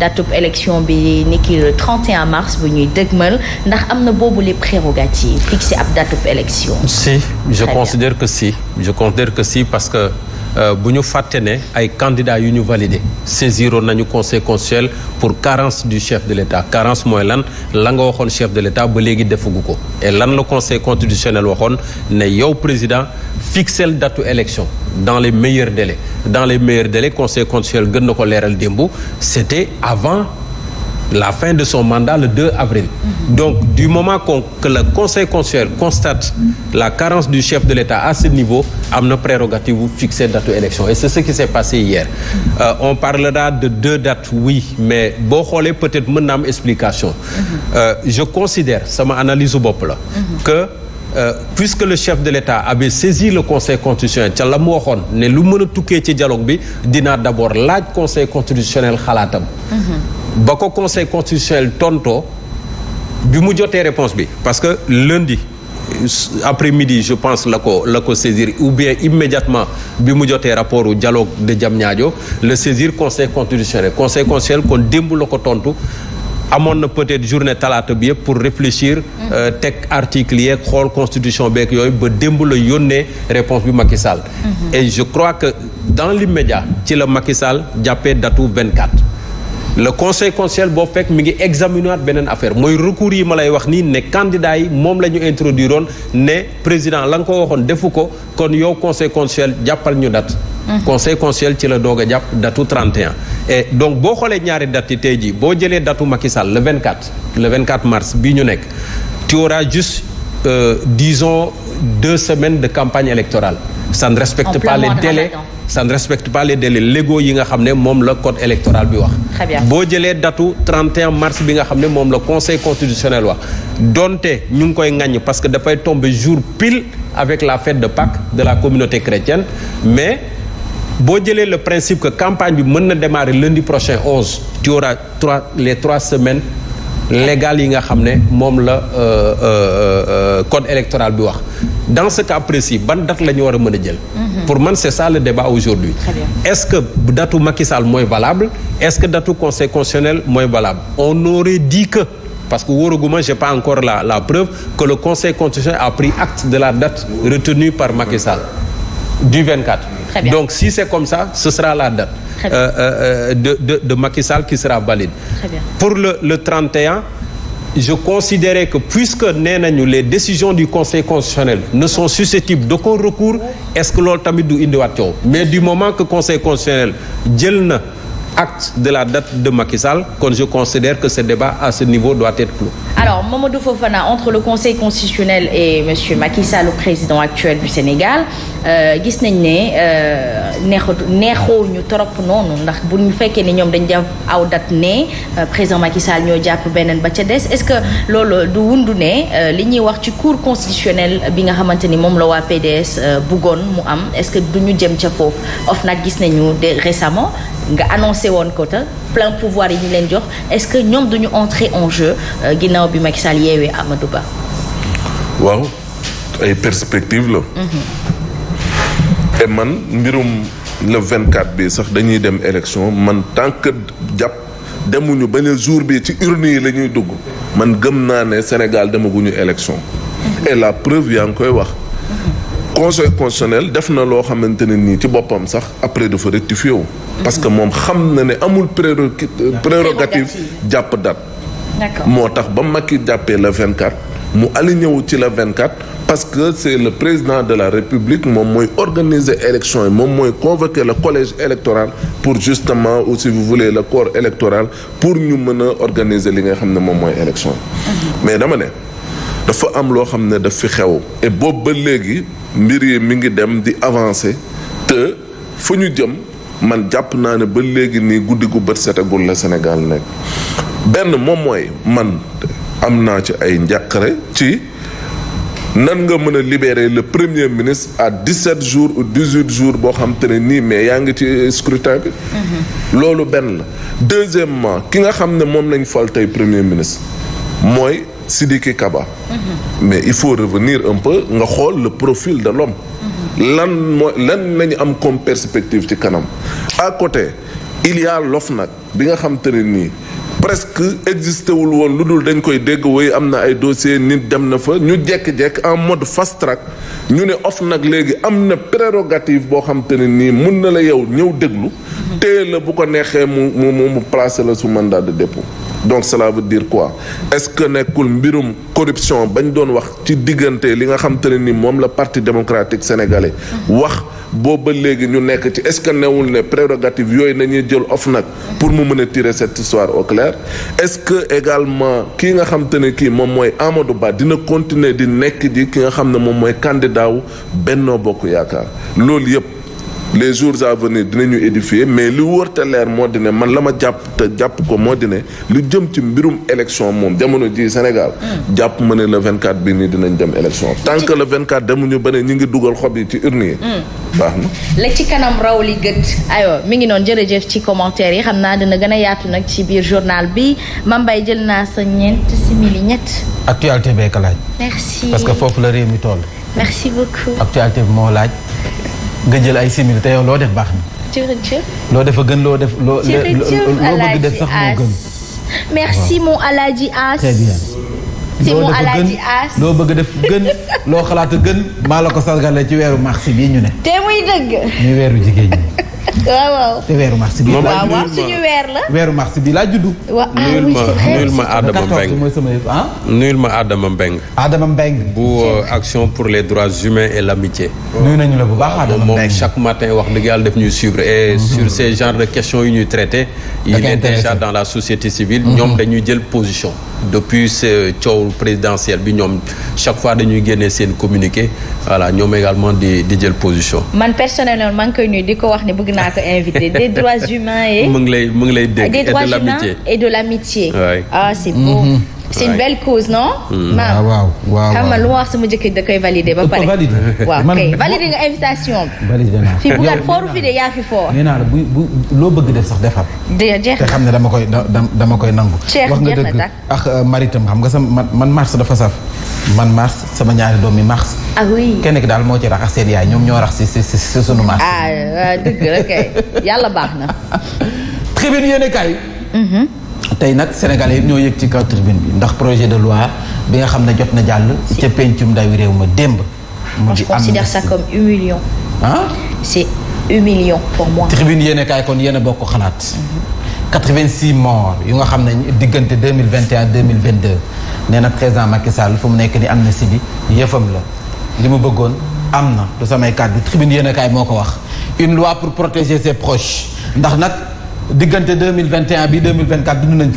datub élection bi ni ki le mars bu ñuy dëgmal ndax am na boobu les prérogatives fixé ab datub élection si je Très que si je considère que si parce que euh, bu ñu fàtte ne ay candidats yu ñu validé saisiroon nañu conseil constitutionnel pour carence du chef de l' état carence mooy lan la nga waxoon chef de l' état ba léegi defagu ko et lan la conseil constitutionnel waxoon ne yow président fixel datu élection dans les meilleurs délais dans les meilleurs délais conseil constitutionnel gën na ko leeral démb c'était avant la fin de son mandat le 2 avril. Mm-hmm. donc du moment qu'on que le conseil constitutionnel constate la carence du chef de l'État à ce niveau am na prérogative bu fixer date élection et c'est ce qui s'est passé hier. Mm-hmm. Euh, on parlera de deux dates oui mais boo xoolee peut-être mën na am explication. Mm-hmm. Euh, je considère sama analyse bopp la. que Euh, puisque le chef de l'État avait saisi le conseil constitutionnel ca la mu waxoon ne lu mën a tukkee ci jaloog bi dinaa d'abord laaj conseil constitutionnel xalaatam mhm. ba ko conseil constitutionnel tontoo bi mu jotee réponse bi parce que lundi après-midi je pense la ko la ko saisir ou bien immédiatement bi mu jotee rapport au dialogue de Diamniadio le saisir conseil constitutionnel conseil constitutionnel kon démb la ko tontu amoon na peut-être journée talaata bi yëpp pour réfléchir. Mm. Euh, teg article yeeg xool constitution beeg yooyu ba démb la yónnee réponse bi Macky Sall. Mm-hmm. et je crois que dans l'immédiat ci la Macky Sall jàppee datu 24. le conseil boo fekk mi ngi examiner waat beneen affaire mooy recours yi ma lay wax nii ne candidat yi moom la ñu introduire woon ne président la nga ko waxoon defu ko kon yow conseil constitutionnel jàppal ñu dat Mm-hmm. conseil constitutionnel ci la doog jàpp datu 31. et donc boo xoolee ñaari dates yi jii boo jëlee datu Macky Sall vingt 24 le 24 mars bi ñu nekk tu auras juste euh, disons deux semaines de campagne électorale. ça ne respecte pas les délais ça ne respecte pas les yi nga xam ne moom la code électoral bi wax. boo jëlee datu 31 mars bi nga xam ne moom la conseil constitutionnel wax donte ñu ngi koy ŋaññ parce que dafay tomb jour pile avec la fait de Pâques de la communauté chrétienne boo jëlee le principe que campagne bi mën na démarrer lundi prochain 11 tu auras trois les trois semaines légales yi nga xam ne moom la euh, euh, euh, code électoral bi wax dans ce cas précis ban date la ñu war a mën a jël mhm. pour man c'est ça le débat aujourd'hui est-ce que datu Macky mooy valable est-ce que datu conseil constitutionnel mooy valable on aurait dit que parce que wóoraguma j'ai pas encore la la preuve que le conseil constitutionnel a pris acte de la date retenue par Macky Sall du 24 Très Donc si c'est comme ça, ce sera la date euh, euh, euh, de, de, de Macky Sall qui sera valide. Pour le, le 31, je considérais que puisque nee nañu les décisions du conseil constitutionnel ne sont susceptibles d'aucun recours est-ce que loolu tamit du indiwaat coow mais du moment que conseil constitutionnel jël na acte de la date de Macky Sall kon je considère que ce débat à ce niveau doit être clos alors Mamadou Fofana entre le conseil constitutionnel et monsieur Macky le président Euh, gis nañ ne neexatu neexoo ñu trop noonu ndax bu ñu fekkee ni ñoom dañ def aw date ne euh, président Macky Sall ñoo jàpp beneen ba ca des est-ce que loolu du wundu ne euh, li ñuy wax ci cour constitutionnelle bi nga xamante ni moom la waa PDS bëggoon mu am est-ce que du ñu jëm ca foofu of nag gis nañu de récemment nga annoncé woon ko ta plein pouvoir yi ñu leen jox est-ce que ñoom duñu entrer en jeu ginnaaw bi Macky Sall yeewee Amadou Ba waaw ay perspective la mhm. et man mbirum le 24 bi sax dañuy dem élection man tànk jàpp demuñu ba jour bi ci urni yi lañuy dugg man gëm naa ne Sénégal demaguñu élection. et la preuve yaa ngi koy wax. conseil constitutionnel def na loo xamante ne nii ci boppam sax après dafa rectifié wu. parce que moom xam na ne amul prérogati prérogative jàpp date. moo tax ba Macky jàppee vingt 24. mu aligné wu ci la 24 parce que c' est le président de la république moom mooy organiser élection yi moom mooy convoquer le collège électoral pour justement ou si vous vule le corps électoral pour ñu mën a organiser li nga xam ne moom mooy élection mhm. mais dama ne dafa am loo xam ne daf fi xew et boobu ba léegi mbir yi mi ngi dem di avancer te fu ñu jëm man jàpp naa ne ba léegi nii guddi gu bët setagul la Sénégal nekk benn moom mooy man am naa ci ay njàqare ci nan nga mën a libérer le premier ministre à dix-sept jours ou dix-huit jour boo xam te ne nii mais yaa ngi ci scrutin bi mhm. loolu benn la deuxièmement ki nga xam ne moom lañ fal tey premier ministre mooy Sidiki Kaba mhm. mais il faut revenir un peu nga xool le profil de l'homme mhm. lan mooy lan lañu am comme perspective ci kanam à côté il y a l'OFNAC bi nga xam te nii presque existé wul woon lu dul dañ koy dégg woy am na ay dossier nit dem na fa ñu jekk-jekk en mode fast track ñu ne of nag léegi am na prérogative boo xam te ne nii mun na la yow ñëw déglu mm-hmm. téye bu ko neexee mu mu mu placer la su mandat de dépôt donc cela veut dire quoi est-ce que nekkul mbirum corruption bañ doon wax ci diggante li nga xam te ne ni moom la parti démocratique sénégalais wax booba léegi ñu nekk ci est-ce que newul ne prérogative yooyu nañuy jël nag pour mu mën a tirer cette histoire au clair est-ce que également kii nga xam te ne kii moom mooy Amadou Ba dina continuer di nekk ji ki nga xam ne moom mooy candidat wu Benno Bokk Yaakaar loolu yëpp les jours à venir dinañu édifier mais lu wër te leer moo di man la ma jàpp te jàpp ko moo dina lu jëm ci mbirum élection moom jamono ji Sénégal. Hmm. jàpp ma ne le 24 bii nii dinañ dem élection. tant que le 24 demuñu ba ne ñu ngi dugal xob yi ci urne yi. Hmm. baax na la ci kanam raw li gët aywa mi ngi noonu jërëjëf ci commentaire yi xam naa dina gën a yaatu nag ci biir journal bi Mame Mbaye jël naa sa ñeent simili ñett. actualité beek laaj. parce que foofu la réew mi toll. merci laaj. nga jël ay simili te yow loo def baax na. loo def a gën loo def loo. loo bëgg def sax moo gën. merci mon Alaaji As. très bien. si mu alaaji as loo bëgg def gën loo xalaat gën maa la ko sargale ci weeru mars bii ñu ne. te muy dëgg. muy weeru jigéen ñi. waaw waaw. te weeru mars bi. waaw waaw suñu weer la. weeru mars bi laa juddu. wa ah oui ah. nuyul ma Adama Mbeng nuyul ma Adama Mbeng bu euh, action pour les droits humains et l'amitié. nuyu nañu la bu baax Adama Mbeng moom chaque matin wax dëgg yàlla def ñuy suivre et mm-hmm. sur ces genres ñuy traité. il est dans la société civile. Mm-hmm. ñoom dañuy jël position. depuis ce coow présidentiel bi ñoom chaque fois dañuy génne seen communiqué voilà ñoom également di di jël position. man personnellement maa koy nuyu di ko wax ne bëgg bëgg naa ko invité des droits humains et. mu ah, de droits humains et de l'amitié. Ah, c'est une belle cause non. waaw hmm. ah, waaw waaw xam nga lu ma wax sama jëkkër da koy valider ba pare. valide waaw kay valider nga invitation bi. valide naa fi bugaat fooru fi de yaa fi foor. nee naa la bu bu loo bëgg def sax defal. jeex te xam ne dama koy dama koy nangu. wax nga dëgg ak euh, maritam xam nga sama man man mars dafa saf. man mars sama ñaari doom yi mars. ah oui kenn ki daal moo ci rax ak seen yaay ñoom ñoo rax si si si sunu mars. ah dëgg la kay yàlla baax na. tribune yéen kay. tey nag sénégalais yi ñoo yëg ci kaw tribune bi ndax projet de loi bi nga xam ne jot na jàll. ca pencum ndawi réew ma démb. mu di am on considère ça comme humiliant. ah c'est humiliant pour moi. tribune kon yéen bokk xalaat. 86 mhm. morts yu nga xam ne diggante 2021 2022 nee na président Macky Sall fu mu nekk ni am na si bi yëfam la li mu bëggoon am na du samay kàddu tribune yéen moo ko wax une loi pour protéger ses proches ndax nag. diggante deux mille vingt et un bi deux mille vingt quatre dund nañ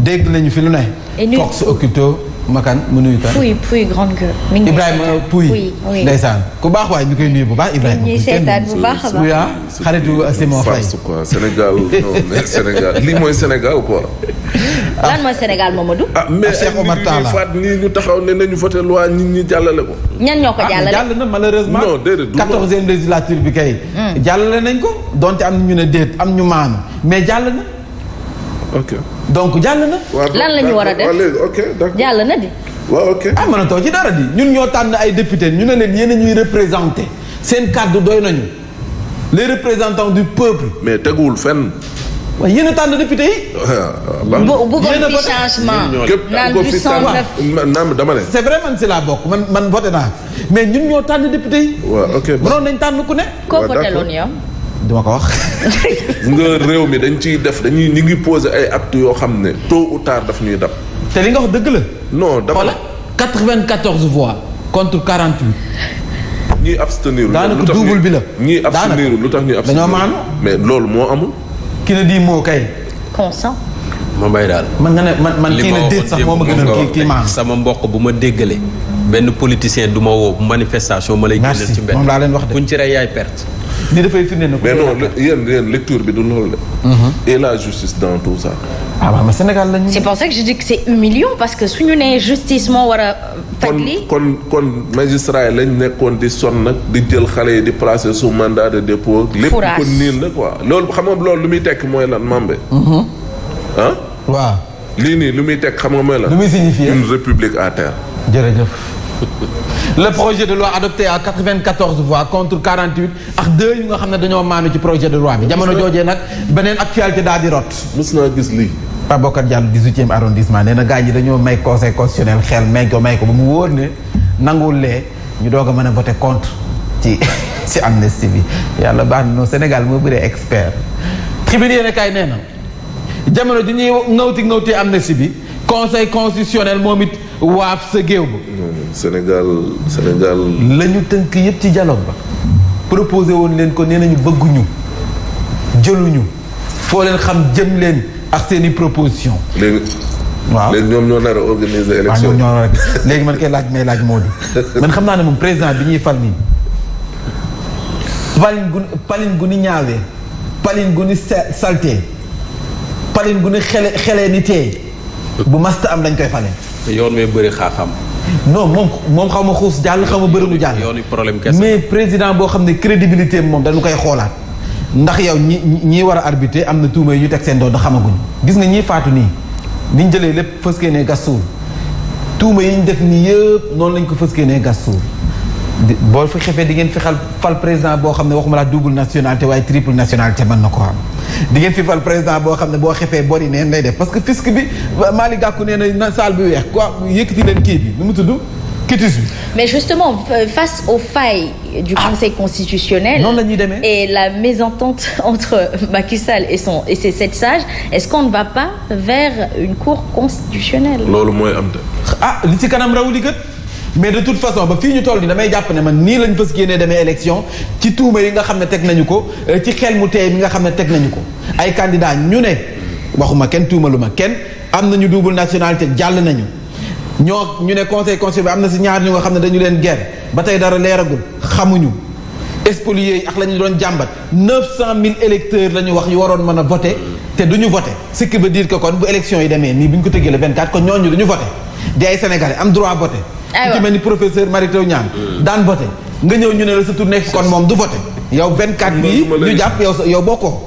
dégg nañu fi lu ne. et Fox Occulto makan mu nuyu kan. Pouy Pouy grande gueule. mi ngi Ibrahima Pouy. ndeysaan ku baax waaye ñu koy nuyu bu baax Ibrahima. a seetaan bu baax a baax xaritu Simon Faye. a Sénégal non mais Sénégal lii mooy Sénégal quoi. lan ah, ah mais ah, Cheikh Omar nii ñu taxaw ne nañu voté loi nit ñi ah, jàll na malheureusement. quatorzième législature bi kay. Hmm. jàllale nañ ko donte am ñu ne déet am ñu maanu mais jàll na. ok donc jàll na. lan la ñu war a def jàll na di. waaw ok ah mënatoo ci dara di ñun ñoo tànn ay député ñu ne leen yéen ñuy représenté seen kàddu doy nañu le représentants du peuple. mais teguwul fenn. waaw a tànn député yi. waaw waaw bëggoon fi changement. képp naan du son naam dama ne. c' vrai man si laa bokk man man voté naa mais ñun ñoo tànn député yi. waaw ok nañ tànn ku ne. waaw d' accord koo voté duma ko wax. nga réew mi dañ ciy def dañuy ñu ngi posé ay actes yoo xam ne tôt ou tard daf ñuy dab. te li nga wax dëgg la. non dama la xoolal 94 voix contre 48. ñii abstenir lu tax daanaka double bi la. ñii abstenir lu tax ñuy abstenir dañoo maanu. mais loolu moo amul. ki ne di moo kay. consent. ma bay daal. man nga ne man man kii na déet sax moo ma gënal kii kii maa sama mboq bu ma déggalee. benn politicien du ma woo manifestation ma lay. génneel ci mbedd moom laa leen wax de. kuñ ci rey ni dafay firnde na ko. mais non lecture bi du loolu de. Mhm. et la justice dans tout ça. ah waaw mais Sénégal lañu. c'est pour ça que je dis que c'est humiliant nee justice war a. kon kon kon magistrat yi lañ nekkoon di sonn nag di jël xale yi di placer sous mandat de dépôt. lépp la quoi loolu xamoon nga loolu lu muy tekk mooy lan Mambé. ah. waaw. lii nii lu muy tekk xam nga mooy lan. lu une république à terre. jërëjëf. le projet de loi adopté à 94 voix contre 48 ak deux yu nga xam ne dañoo maanu ci projet de loi bi jamono joojee nag beneen actualité daal di rot. mos naa gis lii. e arrondissement nee na yi dañoo may conseil constitutionnel xel may ko may ko ba mu wóor ne nanguwul ñu doog a mën a voté contre ci ci amnistie bi yàlla baax na Sénégal moo bëree expert. tribune yéen a kaay nee jamono ju ñuy ngawti ngawti amnistie bi. conseil constitutionnel moom it waaf sa géew ba. Sénégal Sénégal. la ñu tënk yëpp ci dialogue ba. proposé woon leen ko nee nañu bëgguñu jëluñu foo leen xam jëm leen ak seen i proposition léegi waaw léegi ñoom ñoo nar a organiser élection waaw ñoom ñoo nar a léegi man kay laaj may laaj moo di man xam naa ne moom président bi ñuy fal nii palin gu palin gu ni ñaawee palin gu ni saltee palin gu ni xele xelee ni teey bu masta am dañ koy fale. yoon wee bëri xaaxam. non moom moom xaw ma xuus jàll xaw ma bëri lu jàll. yoonu problème kese mais président boo xam ne crédibilité moom dañu koy xoolaat. ndax yow ñi ñi war a arbitrer am na tuuma yi ñu teg seen doon da xamaguñ gis nga ñiy faatu nii niñ jëlee lépp fës ne gas suul tuuma yi ñu def nii yëpp noonu lañ ko fës ne gas suul boo fi xefee di ngeen fi fal président boo xam ne waxuma laa double nationalité waaye triple nationalité mën na ko am fi fal président boo xam ne boo xefee bori neen lay def parce que fisc bi Malick Gakou nee na saal bi weex quoi yëkkati leen kii bi nu mu tudd kitis bi mais justement euh, face aux failles du ah! Conseil constitutionnel noonu la ñuy demee la mésentente entre Macky et son et ses sept sages est-ce qu'on ne va pas vers une cour constitutionnelle loolu mooy am ah mais de toute façon ba fi ñu toll nii damay jàpp ne man nii lañ fas yéenee demee élection ci tuuma yi nga xam ne teg nañu ko euh, ci xel mu teey mi nga xam ne teg nañu ko ay candidat ñu ne waxuma kenn tuumalu ma kenn am nañu double nationalité jàll nañu ñoo ñu ne conseil constitutionnel am na si ñaar ñu nga xam ne dañu leen guerre ba tey dara leeragul xamuñu spoliés yi ak la ñu doon jàmbat neuf cent mille électeurs la ñu wax yu waroon mën a voté te du ñu voté ce qui veut dire que kon bu élection yi demee nii bu ñu ko tëggee di ay sénégalais am droit voté. aywa ku ci mel ni professeur Mary Teuw hmm. daan voté nga ñëw ñu ne la sa tour nekk kon moom du voté. yow 24 bii ñu jàpp yow sa yow bokkoo.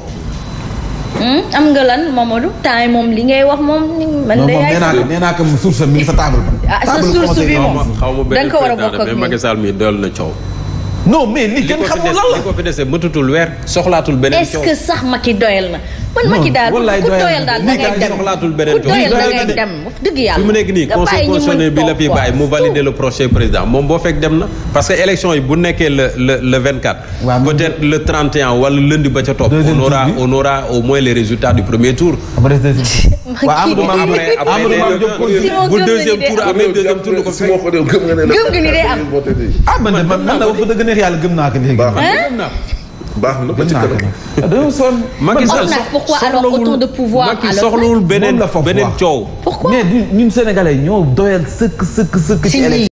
Hmm? am nga lan Mamadou temps moom li ngay wax moom. man de yaay moom nee naa ko nee naa source mi ngi fa table ba. ah sa source bi moom da ko war a bokk ak Macky Sall mi dool na coow. non mais li gën xamul lan la li ko fi dese weer soxlaatul beneen coow. est-ce que sax doyal na. man Macky daal ku doyal daal da dem ku doyal da dem wax dëgg yàlla. bi mu nekk nii conseil constitutionnel bi la fi bàyyi mu valider le prochain président moom boo fekk dem na. parce que élection yi bu nekkee le le le 24. peut-être le 31 wala lundi ba ca topp. on aura on aura au moins les résultats du premier tour. waaw Amadou Mame après euh, après bu deuxième tour amee deuxième tour ko gëm nga ne gëm ni day am. ah man de man man de wax dëgg neex yàlla gëm naa ko léegi. baax na ba ci kanam. ma Macky Sall pourquoi alors autant de pouvoir Macky soxlawul beneen beneen coow. pourquoi mais ñun sénégalais ñoo doyal sëkk sëkk sëkk ci